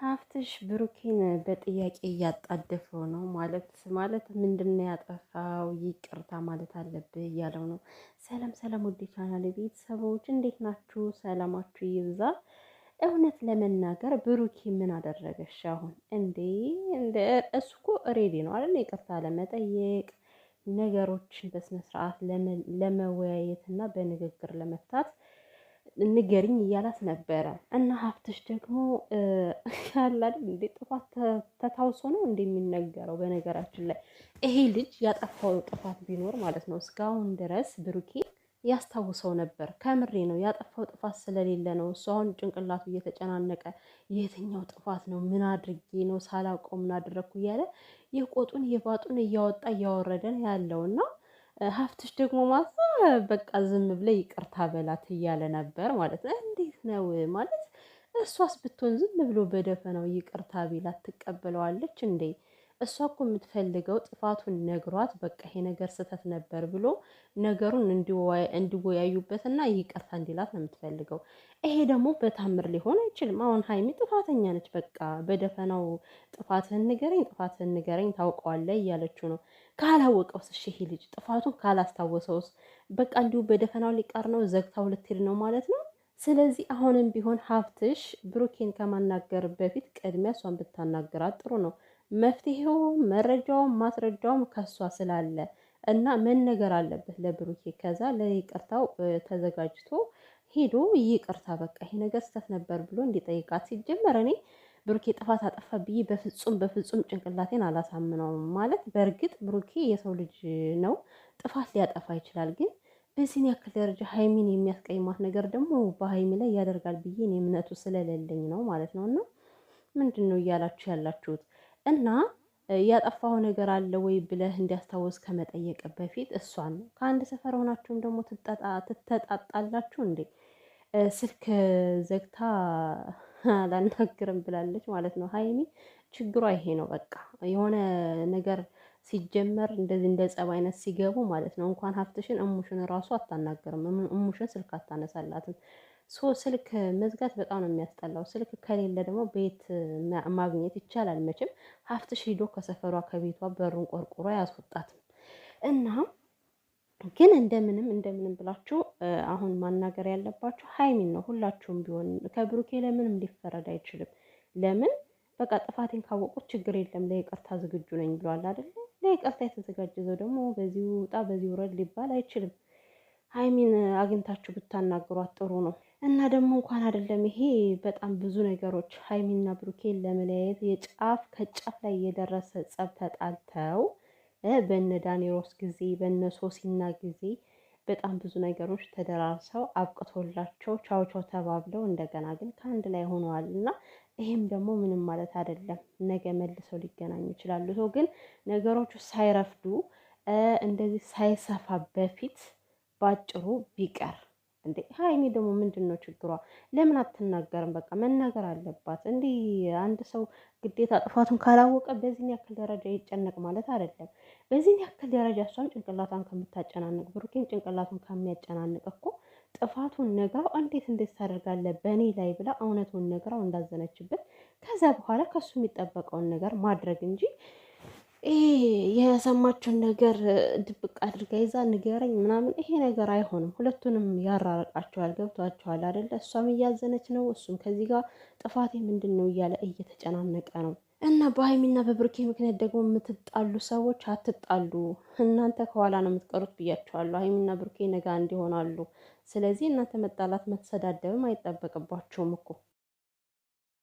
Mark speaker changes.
Speaker 1: ሀፍትሽ ብሩኬን በጥያቄ እያጣደፈው ነው ማለት ማለት ምንድን ነው ያጠፋው? ይቅርታ ማለት አለብህ እያለው ነው። ሰላም ሰላም፣ ውድ ቻናል ቤተሰቦች እንዴት ናችሁ? ሰላማችሁ ይብዛ። እውነት ለመናገር ብሩኬ ምን አደረገሽ አሁን? እንዴ እሱ እኮ ሬዲ ነው አለ ይቅርታ ለመጠየቅ ነገሮችን በስነስርዓት ለመወያየትና በንግግር ለመፍታት ንገሪኝ እያላት ነበረ እና ሀብትሽ ደግሞ ያላል እንዴ ጥፋት ተታውሶ ነው እንደ የሚነገረው። በነገራችን ላይ ይሄ ልጅ ያጠፋው ጥፋት ቢኖር ማለት ነው እስካሁን ድረስ ብሩኬ ያስታውሰው ነበር። ከምሬ ነው ያጠፋው ጥፋት ስለሌለ ነው እሱ አሁን ጭንቅላቱ እየተጨናነቀ የትኛው ጥፋት ነው ምን አድርጌ ነው ሳላውቀው ምን አደረግኩ እያለ የቆጡን የባጡን እያወጣ እያወረደን ያለውና ሀፍትሽ ደግሞ ማታ በቃ ዝም ብለ ይቅርታ በላት እያለ ነበር ማለት ነው። እንዴት ነው ማለት እሷስ ብትሆን ዝም ብሎ በደፈናው ይቅርታ ቢላት ትቀበለዋለች እንዴ? እሷ እኮ የምትፈልገው ጥፋቱን ነግሯት በቃ ይሄ ነገር ስህተት ነበር ብሎ ነገሩን እንዲወያዩበት ና ይቅርታ እንዲላት ነው የምትፈልገው። ይሄ ደግሞ በታምር ሊሆን አይችልም። አሁን ሀይሚ ጥፋተኛ ነች። በቃ በደፈናው ጥፋትህን ንገረኝ፣ ጥፋትህን ንገረኝ፣ ታውቀዋለህ እያለችው ነው። ካላወቀውስ እሺ፣ ይሄ ልጅ ጥፋቱን ካላስታወሰውስ በቃ እንዲሁ በደፈናው ሊቀር ነው፣ ዘግታው ልትሄድ ነው ማለት ነው። ስለዚህ አሁንም ቢሆን ሀብትሽ ብሩኬን ከማናገር በፊት ቅድሚያ እሷን ብታናገራት ጥሩ ነው። መፍትሄው መረጃውም ማስረጃውም ከሷ ስላለ እና መነገር አለበት ለብሩኬ። ከዛ ለይቅርታው ተዘጋጅቶ ሄዶ ይቅርታ በቃ ይሄ ነገር ስህተት ነበር ብሎ እንዲጠይቃት። ሲጀመር እኔ ብሩኬ ጥፋት አጠፋ ብዬ በፍጹም በፍጹም ጭንቅላቴን አላሳምነውም። ማለት በእርግጥ ብሩኬ የሰው ልጅ ነው፣ ጥፋት ሊያጠፋ ይችላል። ግን በዚህን ያክል ደረጃ ሀይሚን የሚያስቀይማት ነገር ደግሞ በሀይሚ ላይ ያደርጋል ብዬ እኔ እምነቱ ስለሌለኝ ነው ማለት ነው። እና ምንድን ነው እያላችሁ ያላችሁት? እና ያጠፋው ነገር አለ ወይ ብለህ እንዲያስታውስ ከመጠየቅ በፊት እሷን ነው። ከአንድ ሰፈር ሆናችሁም ደግሞ ትተጣጣላችሁ እንዴ? ስልክ ዘግታ አላናግርም ብላለች ማለት ነው። ሀይሚ ችግሯ ይሄ ነው። በቃ የሆነ ነገር ሲጀመር እንደዚህ እንደ ጸብ አይነት ሲገቡ ማለት ነው። እንኳን ሀብትሽን እሙሽን ራሱ አታናግርም። እሙሽን ስልክ አታነሳላትም። ሶ ስልክ መዝጋት በጣም ነው የሚያስጠላው። ስልክ ከሌለ ደግሞ ቤት ማግኘት ይቻላል መቼም። ሀፍትሽ ሂዶ ከሰፈሯ ከቤቷ በሩን ቆርቁሮ አያስወጣትም እና ግን እንደምንም እንደምንም ብላችሁ አሁን ማናገር ያለባችሁ ሀይሚን ነው። ሁላችሁም ቢሆን ከብሩኬ ለምንም ሊፈረድ አይችልም። ለምን በቃ ጥፋቴን ካወቁት ችግር የለም ለይቅርታ ዝግጁ ነኝ ብሏል አይደለ? ለይቅርታ የተዘጋጀ ሰው ደግሞ በዚህ ውጣ በዚህ ውረድ ሊባል አይችልም። ሀይሚን አግኝታችሁ ብታናግሯት ጥሩ ነው። እና ደግሞ እንኳን አይደለም ይሄ በጣም ብዙ ነገሮች ሀይሚና ብሩኬን ለመለያየት የጫፍ ከጫፍ ላይ የደረሰ ጸብ ተጣልተው በነ ዳኔሮስ ጊዜ በነ ሶሲና ጊዜ በጣም ብዙ ነገሮች ተደራርሰው አብቅቶላቸው ቻው ቻው ተባብለው እንደገና ግን ከአንድ ላይ ሆነዋል እና ይህም ደግሞ ምንም ማለት አይደለም። ነገ መልሰው ሊገናኙ ይችላሉ። ሰው ግን ነገሮቹ ሳይረፍዱ እንደዚህ ሳይሰፋ በፊት ባጭሩ ቢቀር እንዴ ሀይሚ ደግሞ ምንድን ነው ችግሯ? ለምን አትናገርም? በቃ መናገር አለባት። እንዲህ አንድ ሰው ግዴታ ጥፋቱን ካላወቀ በዚህን ያክል ደረጃ ይጨነቅ ማለት አይደለም። በዚህን ያክል ደረጃ እሷም ጭንቅላቷን ከምታጨናንቅ፣ ብሩኬን ጭንቅላቱን ከሚያጨናንቅ እኮ ጥፋቱን ነግራው እንዴት እንዴት ታደርጋለ በእኔ ላይ ብላ እውነቱን ነግራው እንዳዘነችበት ከዛ በኋላ ከሱ የሚጠበቀውን ነገር ማድረግ እንጂ ይሄ የሰማችውን ነገር ድብቅ አድርጋ ይዛ ንገረኝ ምናምን ይሄ ነገር አይሆንም። ሁለቱንም ያራርቃቸዋል። ገብቷቸዋል አይደለ? እሷም እያዘነች ነው፣ እሱም ከዚህ ጋር ጥፋቴ ምንድን ነው እያለ እየተጨናነቀ ነው። እና በሀይሚና በብርኬ ምክንያት ደግሞ የምትጣሉ ሰዎች አትጣሉ፣ እናንተ ከኋላ ነው የምትቀሩት ብያቸዋለሁ። ሀይሚና ብርኬ ነጋ እንዲሆናሉ። ስለዚህ እናንተ መጣላት መተሰዳደብም አይጠበቅባቸውም እኮ